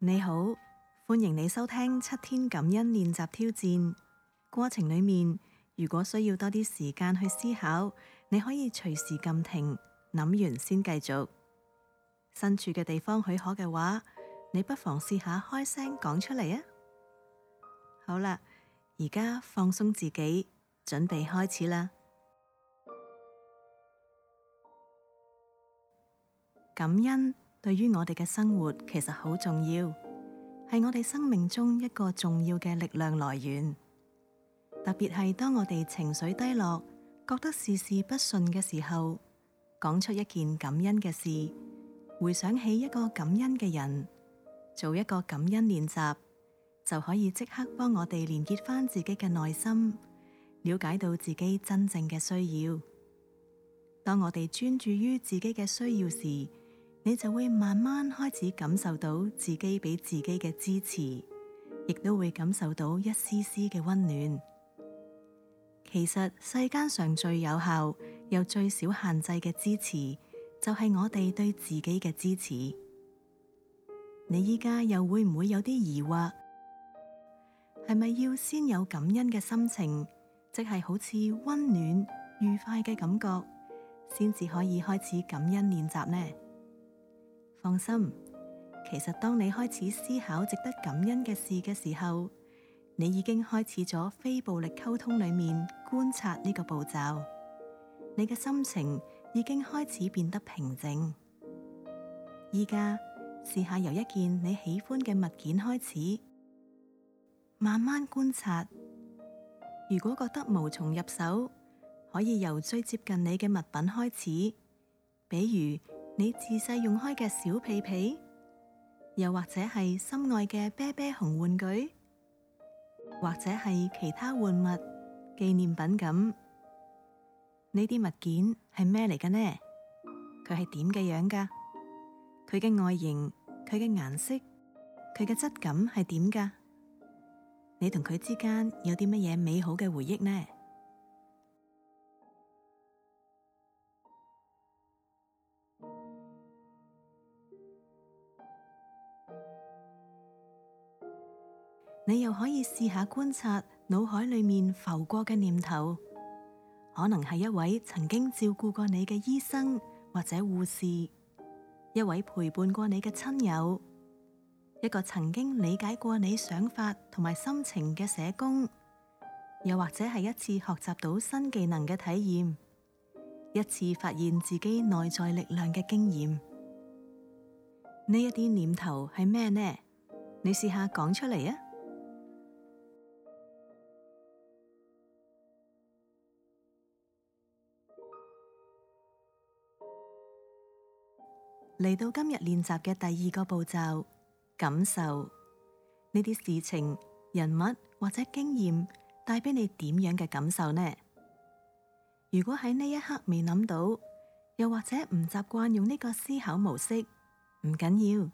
你好，歡迎你收聽七天感恩練習挑戰。過程裏面，如果需要多啲時間去思考，你可以隨時暫停，諗完先繼續。身處嘅地方許可嘅話，你不妨試下開聲講出嚟啊！好啦，而家放鬆自己，準備開始啦！感恩。對於我哋嘅生活其實好重要，係我哋生命中一個重要嘅力量來源。特別係當我哋情緒低落，覺得事事不順嘅時候，講出一件感恩嘅事，回想起一個感恩嘅人，做一個感恩練習，就可以即刻幫我哋連結翻自己嘅內心，了解到自己真正嘅需要。當我哋專注於自己嘅需要時，你就會慢慢開始感受到自己俾自己嘅支持，亦都會感受到一絲絲嘅溫暖。其實世間上最有效又最少限制嘅支持，就係我哋對自己嘅支持。你依家又會唔會有啲疑惑？係咪要先有感恩嘅心情，即係好似溫暖、愉快嘅感覺，先至可以開始感恩練習呢？放心，其實當你開始思考值得感恩嘅事嘅時候，你已經開始咗非暴力溝通裏面觀察呢個步驟。你嘅心情已經開始變得平靜。依家試下由一件你喜歡嘅物件開始，慢慢觀察。如果覺得無從入手，可以由最接近你嘅物品開始，比如。你自細用開嘅小屁屁，又或者係心愛嘅啤啤熊玩具，或者係其他玩物、紀念品咁，呢啲物件係咩嚟嘅呢？佢係點嘅樣噶？佢嘅外形、佢嘅顏色、佢嘅質感係點噶？你同佢之間有啲乜嘢美好嘅回憶呢？你又可以試下觀察腦海裏面浮過嘅念頭，可能係一位曾經照顧過你嘅醫生或者護士，一位陪伴過你嘅親友，一個曾經理解過你想法同埋心情嘅社工，又或者係一次學習到新技能嘅體驗，一次發現自己內在力量嘅經驗。呢一啲念頭係咩呢？你試下講出嚟啊！嚟到今日練習嘅第二個步驟，感受。呢啲事情、人物或者經驗帶俾你點樣嘅感受呢？如果喺呢一刻未諗到，又或者唔習慣用呢個思考模式，唔緊要，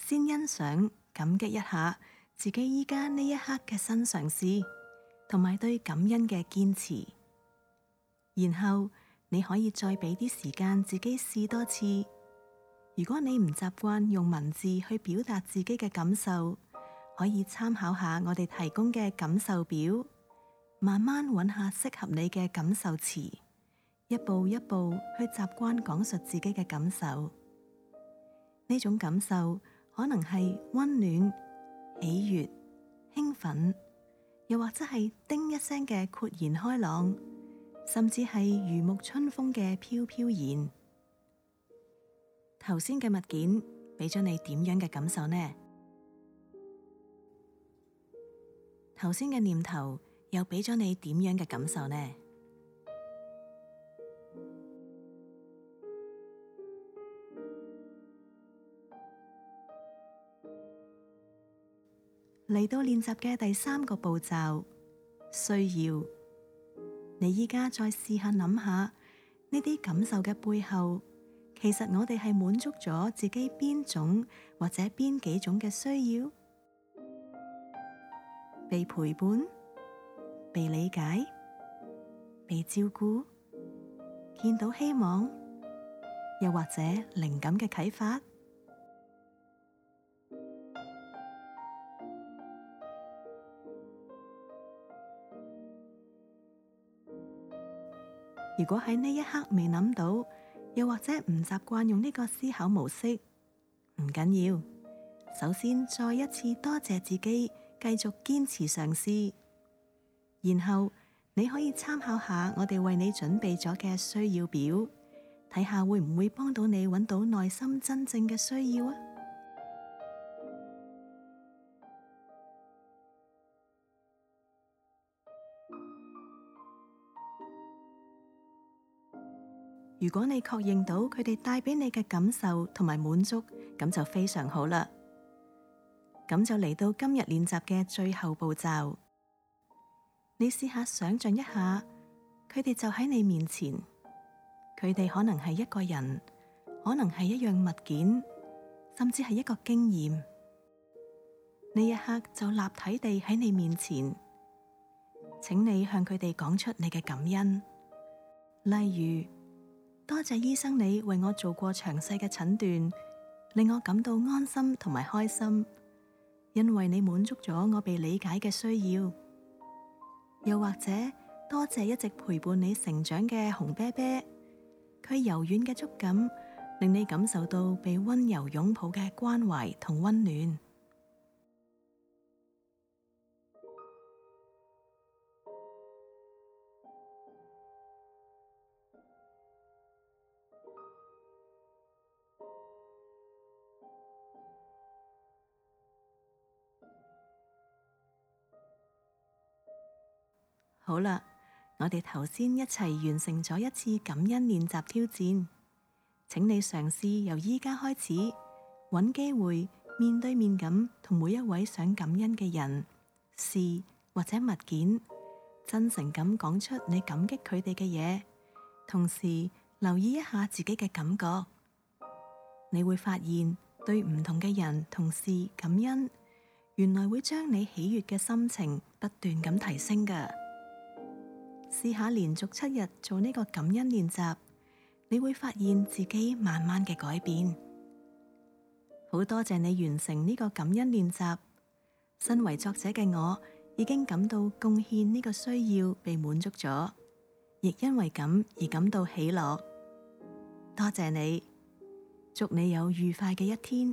先欣賞、感激一下自己依家呢一刻嘅新嘗試，同埋對感恩嘅堅持。然後你可以再俾啲時間自己試多次。如果你唔習慣用文字去表達自己嘅感受，可以參考下我哋提供嘅感受表，慢慢揾下適合你嘅感受詞，一步一步去習慣講述自己嘅感受。呢種感受可能係溫暖、喜悅、興奮，又或者係叮一聲嘅豁然開朗，甚至係如沐春風嘅飄飄然。頭先嘅物件俾咗你點樣嘅感受呢？頭先嘅念頭又俾咗你點樣嘅感受呢？嚟到練習嘅第三個步驟，需要你而家再試下諗下呢啲感受嘅背後。其實我哋係滿足咗自己邊種或者邊幾種嘅需要，被陪伴、被理解、被照顧、見到希望，又或者靈感嘅啟發。如果喺呢一刻未諗到。又或者唔習慣用呢個思考模式，唔緊要。首先，再一次多謝自己繼續堅持嘗試，然後你可以參考下我哋為你準備咗嘅需要表，睇下會唔會幫到你揾到內心真正嘅需要啊！如果你確認到佢哋帶俾你嘅感受同埋滿足，咁就非常好啦。咁就嚟到今日練習嘅最後步驟，你試下想象一下，佢哋就喺你面前，佢哋可能係一個人，可能係一樣物件，甚至係一個經驗，呢一刻就立體地喺你面前，請你向佢哋講出你嘅感恩，例如：多謝醫生，你為我做過詳細嘅診斷，令我感到安心同埋開心，因為你滿足咗我被理解嘅需要。又或者，多謝一直陪伴你成長嘅熊啤啤，佢柔軟嘅觸感令你感受到被溫柔擁抱嘅關懷同溫暖。好啦，我哋頭先一齊完成咗一次感恩練習挑戰，請你嘗試由依家開始，搵機會面對面咁同每一位想感恩嘅人、事或者物件，真誠咁講出你感激佢哋嘅嘢，同時留意一下自己嘅感覺。你會發現對唔同嘅人同事感恩，原來會將你喜悅嘅心情不斷咁提升㗎。試下連續七日做呢個感恩練習，你會發現自己慢慢嘅改變。好多謝你完成呢個感恩練習，身為作者嘅我已經感到貢獻呢個需要被滿足咗，亦因為咁而感到喜樂。多謝你，祝你有愉快嘅一天。